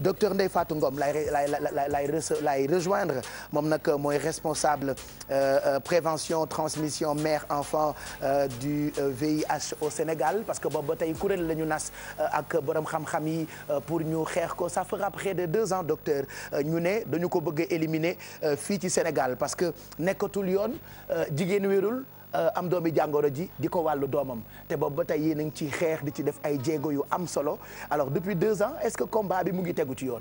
docteur Ndeye Fatou Ngom lay lay lay lay rejoindre moom nag euh, mooy responsable euh, euh, prévention transmission mère enfant du VIH au Sénégal parce que boobu ba tey kuréel la ñu nas ak borom xam yi pour ñu xeex ko ça fera près de deux ans docteur ñu ne dañu ko bëgg a éliminer fii ci Sénégal parce que nekkatul yoon jigéen wérul Euh, am doomi jàngoro ji di ko wàllu doomam te boobu ba tey yéen a ngi ci xeex di ci def ay jéego yu am solo alors depuis deux ans est-ce que combat bi mu ngi tegu ci yoon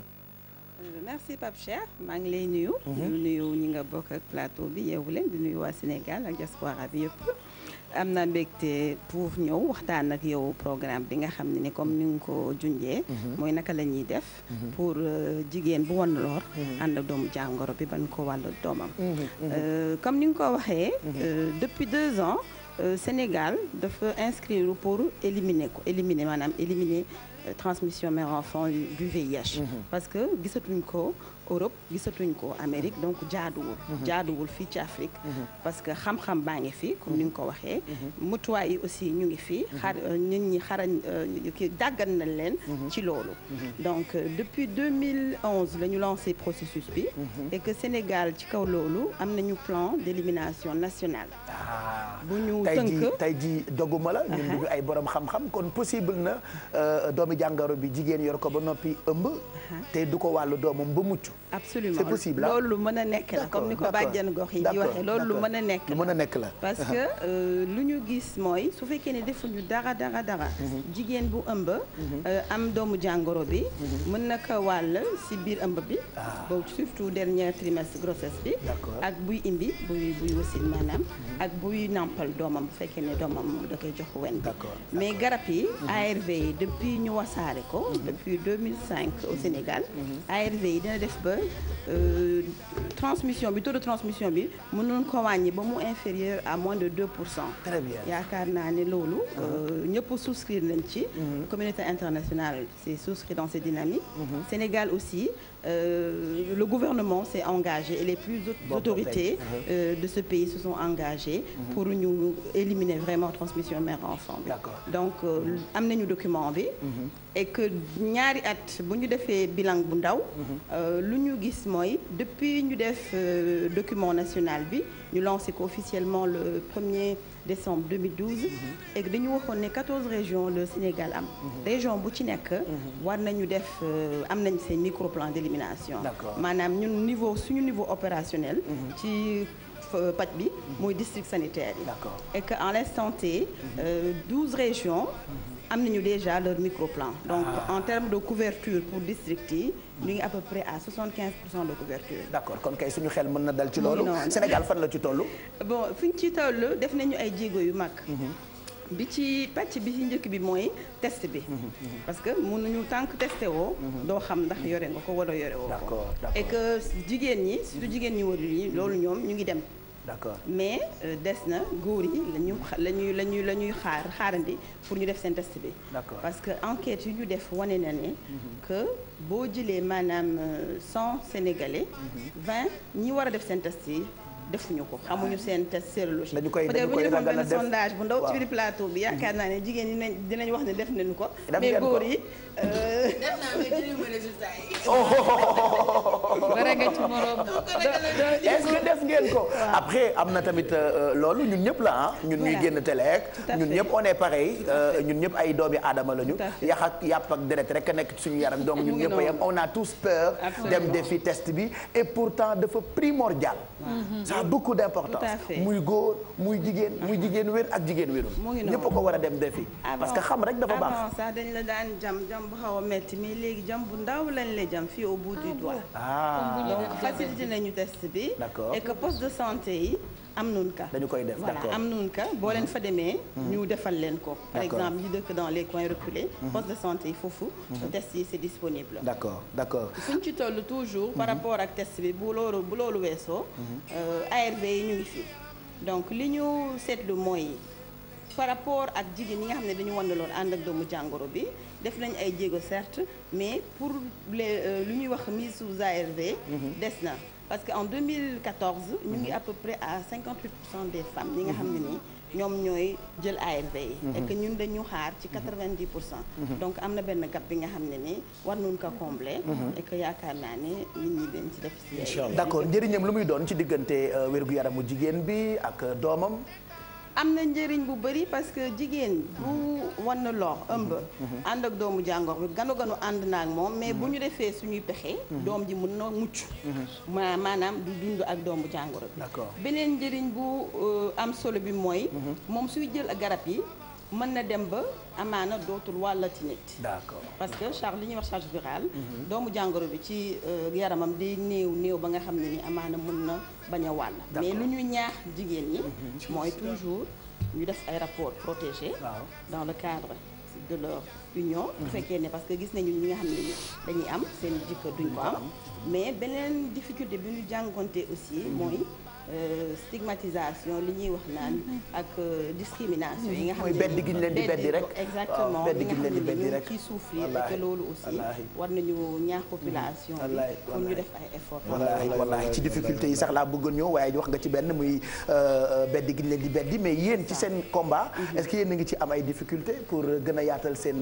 merci Pape Cheikh maa ngi lay nuyu. Mhm. di nuyu ñi nga bokk ak plateau bi yeewu leen di nuyu waa Sénégal ak diaspora bi yëpp. am na mbégte pour ñëw waxtaan ak yow programme bi nga xam ne ni comme ni nga ko junjee. Mhm. mooy naka la ñuy def. Mhm. pour euh, jigéen bu wan lor. ànd ak doomu jàngoro bi ban ko wàllu doomam. Euh, comme ni nga ko waxee. Euh, depuis deux ans Sénégal dafa inscrire pour éliminer ko éliminer maanaam éliminer. Euh, transmission mère enfant du VIH. Mhm. parce que gisatuñ ko Europe gisatuñ ko Amérique donc jaaduwul. Mhm. jaaduwul fii ci Afrique. Mhm. parce que xam-xam baa ngi fi comme ni nga ko waxee. mutuwaay yi aussi ñu ngi fi. xar euh, nit ñi xarañ euh, kii dàggan nañ leen. ci loolu. donc depuis 2011 la ñu lancé processus bi. et que Sénégal ci kaw loolu am nañu plan d'élimination nationale. Ah, tey jii tey jii doguma la ñun duñu ay boroom xam-xam kon possible na euh, doomi jàngoro bi jigéen yor ko ba noppi ëmb te du ko wàllu doomam ba mucc absolument c'est possible ah. loolu lu mën a nekk la comme ni ko bàjjan gox yi di waxee loolu lu mën a nekk la mën a nekk la parce que euh, lu ñu gis mooy su fekkee ne defuñu dara dara dara mhm. jigéen bu ëmb mhm. euh, am doomu jàngoro bi mhm. mën na ko wàll si biir ëmb bi ah. boobu surtout dernier trimestre grossesse bi ak buy imbi buy buy wasin ak buy namp nàmpal doomam bu fekkee ne doomam da koy jox wen mais garab yi mhm. ARV yi depuis ñu wasaare ko mhm. depuis 2005 au Sénégal mhm. ARV yi dina def ba euh, transmission bi taux de transmission bi mënoon ko wàññi ba mu inférieur à moins de 2 pour cent. très bien yaakaar naa ne loolu. Ah. Euh, ñëpp souscrire nañ ci. Mm-hmm. communauté internationale s'est souscrit dans ces dynamiques. Mm-hmm. Sénégal aussi euh, le gouvernement s'est engagé et les plus autorités mm-hmm. euh, de ce pays se sont engagées. pour ñu éliminer vraiment transmission mère enfant bi. donc am nañu document bi. et que ñaari at bu ñu defee bilan bu ndaw. lu ñu gis mooy depuis ñu def. def euh, document national bi ñu lancé ko officiellement le 1er décembre 2012. Mhm. et dañu waxoon ne 14 régions de Sénégal am. Mhm. région bu ci nekk. Mhm. war nañu def euh, am nañ seen micro plan d' élimination. maanaam ñun niveau suñu niveau opérationnel. ci euh, pat bi mooy district sanitaire yi. et que en l'instant T. 12 régions. am nañu déjà leur microplan donc ah. en termes de couverture pour district yi ñu ngi à près à 75 pour cent de couverture d'accord kon kay suñu xel mën na dal ci loolu Sénégal fan la ci tollu bon fi ñu ci toll def nañu ay jéego yu mag mhm. bi ci pàcc bi ci njëkk bi mooy test bi mhm, mhm. parce que mënuñu tànk testé woo doo xam ndax yore nga ko wala yore woo ko et que jigéen ñi surtout jigéen ñi warul yi loolu ñoom ñu ngi dem d'accord mais euh, des na góor yi la ñuy la ñuy la ñuy xaar xaarandi pour ñu def seen test bi. d'accord parce que enquête yu ñu def wane na ne. Mhm. que boo jëlee maanaam euh, cent sénégalais. Mhm. vingt ñi war a def seen test yi. defuñu ko xamuñu seen test sérologique dañu koy dañu koy defoon sondage bu ndaw ci biir plateau bi yaakaar mhm. naa ne jigéen ñi dinañ wax ne def nañu ko. mais góor yi. Euh, est-ce def ngeen ko après am na tamit euh, euh, loolu ñun ñëpp la ah ñun ñuy génn teleek ñun ñëpp on est pareil euh, ñun ñëpp ay doomi aadama lañu yax ak yàpp ak deret rek nekk ci suñu yaram donc ñun ñëpp yam on a tous peur dem defi test bi et pourtant dafa primordial mm-hmm. ça a beaucoup d'importance muy góor muy jigéen mm-hmm. muy jigéen wér ak jigéen wérul ñëpp a ko war a dem defi ah parce que xam rek dafa baax sax ah dañ la daan xaw a metti mais léegi jam bu ndaw la jam fii comme ah. donc facilité nañu test bi. et que poste de santé yi am nun ka. dañu koy def voilà am nun ka boo leen mm-hmm. fa demee. Mm-hmm. ñu defal leen ko. par exemple ñu dëkk dans les coins reculés. Mm-hmm. poste de santé yi foofu. test yi c'est disponible. d'accord d'accord fuñ ci toll toujours. par rapport ak test bi bu loolu bu loolu weesoo. Euh, ARV yi ñu ngi donc li ñu seetlu mooy. par rapport ak jigéen ñi nga xam ne dañu wandaloon ànd ak doomu jàngoro bi def nañ ay jéego certes mais pour les euh, lu ñuy wax mise sous ARV. Mhm. des na parce que en 2014. ñu ngi mhm. à peu près à 58 pour cent des femmes ñi nga mhm. xam ne nii. ñoom ñooy jël ARV yi et que ñun dañu xaar ci 90 pour cent donc am na benn gap bi nga xam ne ni war nañ ko combler et que yaakaar naa ne nit ñi dañ ci def si d'accord njëriñam lu muy doon ci diggante euh, wér yaramu jigéen bi ak euh, doomam am na njëriñ bu bëri parce que jigéen bu wan na lor ëmb ànd ak doomu jàngor bi ganu ganu ànd naa ak moom mais bu ñu defee suñuy pexe doom ji mun na mucc ma maanaam du dund ak doomu jàngoro bi beneen njëriñ bu euh, am solo bi mooy mhm. moom suy jël garab yi mën na dem ba amaana dootul wàllati nit. d'accord parce que charge li ñuy wax charge virale. Mhm. doomu jàngoro bi ci euh, yaramam di néew néew ba nga xam ne ni amaana mën na bañ a wàll. mais lu ñu ñaax jigéen ñi. Mhm. mooy toujours ñu def ay rapport protégés. waaw dans le cadre de leur union. bu mhm. fekkee ne parce que gis nañu ñi nga xam ne dañuy am seen jikko duñ ko am. mais beneen difficulté bi ñu jàngonte aussi mooy. Euh, stigmatisation li ñuy wax naan ak euh, discrimination yi nga xam ne mooy bedd gi ñu leen di beddi rek exactement bedd gi ñu leen di beddi rek ci souffrir te loolu aussi war nañu ñaax mm-hmm. population bi def ay effort wallaahi wallaahi ci difficulté yi sax laa bëggoon ñëw waaye wax nga ci benn muy euh, beddi gi ñu leen di beddi mais yéen ci seen combat mm-hmm. est-ce que yéen ngi ci am ay difficulté pour gën a yaatal seen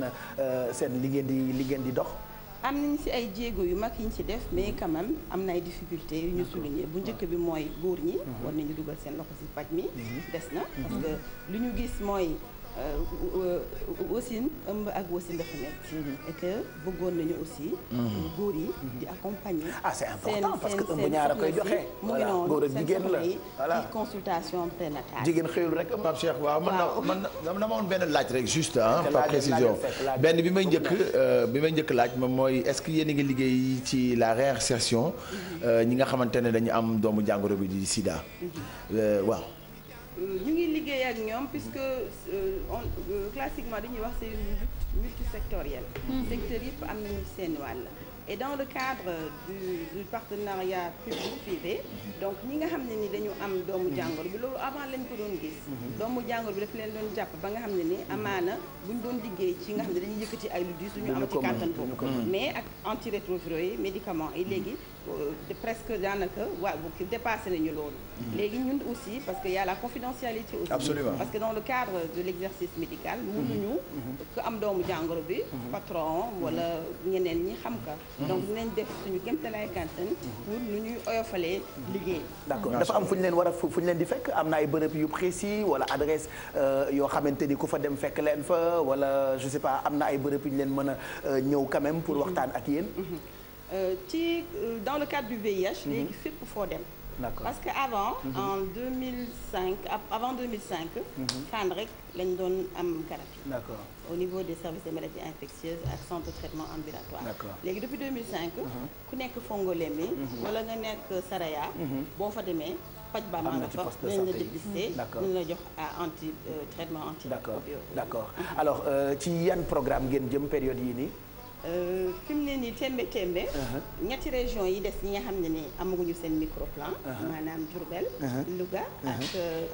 seen li di liggéen di dox am nañ si ay jéego yu mag yi ñu si def mais quand am na ay difficultés yu ñu souligné bu njëkk bi mooy góor ñi mhm. war nañu dugal seen loxo si paj mi mhm. des na mhm. parce que lu ñu gis mooy Euh, euh, wasin ëmb ak wasin dafa nekk. Mhm. et que bëggoon nañu aussi. Mhm. Euh, góor yi mhm. di accompagner. ah c'est parce que ëmb ñaar a koy joxe. voilà góor ak jigéen la voilà ci consultation prénatale. jigéen xëyul rek Pape Cheikh waaw man man na dama amoon benn laaj rek juste ah. par précision benn bi may njëkk bi may njëkk laaj moom mooy est-ce que yéen a ngi liggéey ci la réinsertion ñi nga xamante ne dañu am doomu jàngoro bi di Sida waaw. ñu ngi liggéey ak ñoom puisque euh, on euh, classiquement dañuy wax c'est une lutte multisectorielle hmm. secteur yëpp am nañu seen wàll et dans le cadre du du partenariat public privé donc ñi nga xam ne ni dañu am doomu jàngoro bi loolu avant lañ ko doon gis mhm. doomu jàngoro bi daf leen doon jàpp ba nga xam ne ni amaana ñu doon liggéey ci nga xam ne dañuy yëkkati ay lu diis suñu amati kàttan boobu mais ak antirétroviraux yi médicaments yi léegi euh, presque daanaka waaw dépassé nañu loolu mhm. léegi ñun aussi parce que yàlla a la confidentialité aussi Absolument. parce que dans le cadre de l'exercice médical mhm. mënuñu am doomu jàngoro bi patron wala ñeneen ñi xam Mm-hmm. donc dinañ def suñu kéemtalaay kàttan mm-hmm. pour nu ñuy oyofalee liggéey. d'accord dafa am fu ñu leen war a fu ñu leen di fekk am na ay bërëb yu précis wala adresse euh, yoo xamante ni ku fa dem fekk leen fa wala je sais pas am na ay bërëb yu ñu leen mën a euh, ñëw quand même pour mm-hmm. waxtaan ak yéen. Euh, ci dans le cadre du VIH. léegi fépp foo dem. d'accord parce que avant. Mm -hmm. en 2005 avant 2005. Mhm. Fann rek lañ doon am garab yi. d'accord au niveau des services des maladies infectieuses ak centre de traitement ambulatoire. d'accord léegi depuis mhm. ku nekk Fongolembi. Mhm. wala nga nekk Saraya. boo fa demee. faj ba maa nga fa nañ la dépister ñu la jox anti euh, traitement anti. d'accord d'accord alors euh, ci yan programme ngeen jëm période yii nii. Euh, fi mu ne nii tembe tembe uh-huh. ñetti région yi des ñi nga xam ne ni amaguñu seen microplan uh-huh. maanaam Diourbel uh-huh. Louga ak euh,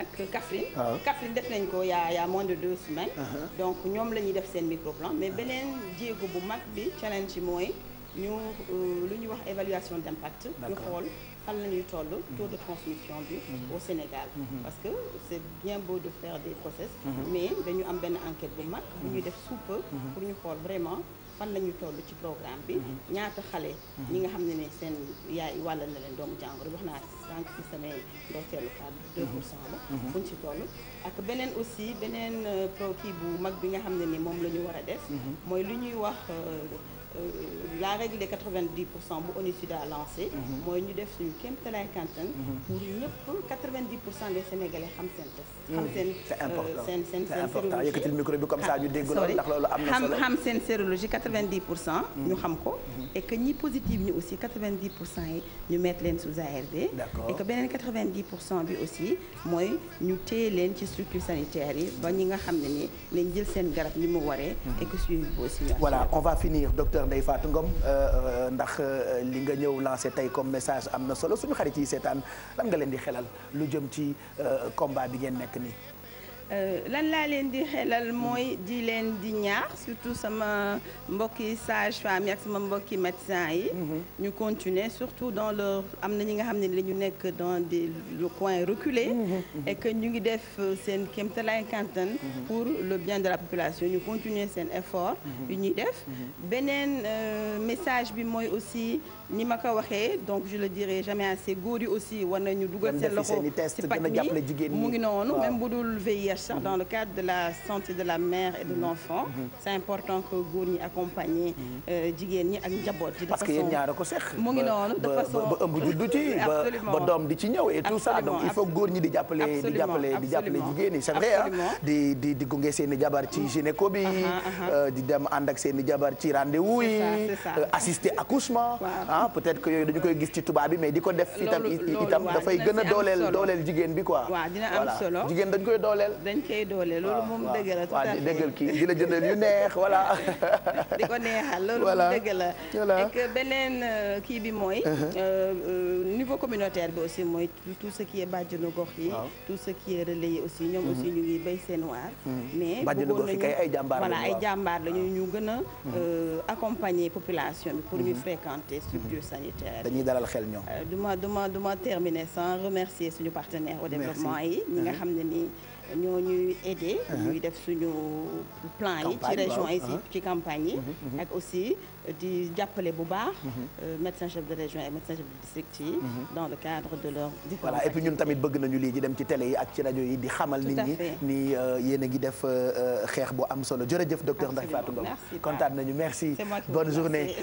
ak Kaffrine Kaffrine def nañ ko yaa yaa moins de deux semaines donc ñoom la ñuy def seen microplan mais beneen jéego bu mag bi challenge yi mooy ñu euh, lu ñuy wax évaluation d'impact ñu xool fan la ñuy toll taux de transmission bi boo mhm. Sénégal mhm. parce que c'est bien beau de faire des process mhm. mais dañu am benn enquête bu mag bu ñuy def sous peu ñu xool vraiment fan la ñu toll ci programme bi ñaata xale ñi nga xam ne ne seen yaay wàllal na leen doomu jàngoro wax naa sànq si samay ndorteelu kàddu deux pour cent la buñ ci toll ak beneen aussi beneen euh, pro bu mag bi nga xam ne ni moom la ñu war a def mooy lu ñuy wax euh, Euh, la règle des 90 pour cent bu ONUSIDA a lancé mhm. mooy ñu def suñu kéem talaay kàttan mhm. pour ñëpp 90 pour cent des sénégalais xam seen test mhm. xam seen c'est euh, important seen seen c'est important yëkkatil micro bi comme ça ñu dégg loolu ndax loolu am na solo xam seen sérologie 90 pour cent ñu xam ko et que ñi positive ñi aussi 90 pour cent yi ñu mettre leen sous ARV et que beneen 90 pour cent bi aussi mooy ñu téye leen ci structure sanitaire yi ba ñi nga xam ne ni nañ jël seen garab ni mu waree mm-hmm. et que suivi bi aussi voilà on va finir docteur Ndeye Fatou Ngom euh, euh, ndax euh, li nga ñëw lancé tey comme message am na solo suñu xarit yi seetaan lan nga leen di xelal lu jëm ci combat bi ngeen nekk nii Euh, lan laa leen di xelal mooy di leen di ñaar surtout sama mbokki sage-femme yi ak sama mbokki médecin yi. Mhm. ñu continuer surtout dans le am na ñi nga xam ne dañu nekk dans des coins reculés. Mhm, mhm. e que ñu ngi def euh, seen kéemtalaay kàttan pour le bien de la population ñu continuer seen effort. yu ñuy def beneen euh, message bi mooy aussi ni ma ko waxee donc je le dirai jamais assez góor yi aussi war nañu dugal seen loxo. ci pàcc mi mu ngi noonu même bu dul VIH. sax dans le cadre de la santé de la mère et de mhm. l'enfant mhm. c'est important que góor ñi accompagner mhm. euh, jigéen ñi ak njaboot yi parce que yéen ñaar a ko seq mu ngi noonu de façon ba ëmb juddu ci ba doom di ci ñëw et tout ça donc il faut góor ñi di jàppale di jàppale di jàppale jigéen ñi c'est vrai ah di di di gunge seen i jabar ci mm. gynéco bi uh-huh, uh-huh. Euh, di dem ànd ak seen i jabar ci rendez-vous yi euh, assister accouchement ah peut-être que yooyu dañu koy gis ci tubaab bi mais di ko def itam itam dafay gën a dooleel dooleel jigéen bi quoi voilà jigéen dañ koy dooleel dañ koy doole ah, loolu moom ah. dëgg la waaw di dëggal di la jëndal yu neex voilà di ko neexal loolu moom dëgg la ak beneen euh, kii bi mooy uh-huh. euh, euh, niveau communautaire bi aussi mooy tout ce qui est bàjjenu gox yi tout ce qui est relais aussi ñoom aussi uh-huh. ñu ngi bay seen waar uh-huh. mais bàjjenu gox yi kay ay jàmbaar voilà ay lañu ñu gën a accompagner population bi pour ñu fréquenter structure sanitaire dañuy dalal xel ñoom duma duma duma terminer sans remercier suñu partenaire au développement yi ñi nga xam ne nii ñoo ñuy aider. Uh-huh. ñuy def suñu plan yi ci région yi uh-huh. ci campagne yi. Uh-huh, ak aussi di jàppale bu baax. Euh, médecin chef de région et médecin chef de district yi. dans le cadre de leur différents voilà et puis ñun tamit bëgg nañu lii di dem ci télé yi ak ci rajo yi di xamal nit ñi ni euh, yéen a ngi def euh, xeex bu am solo jërëjëf docteur Ndeye Fatou Ngom kontaan nañu merci bonne journée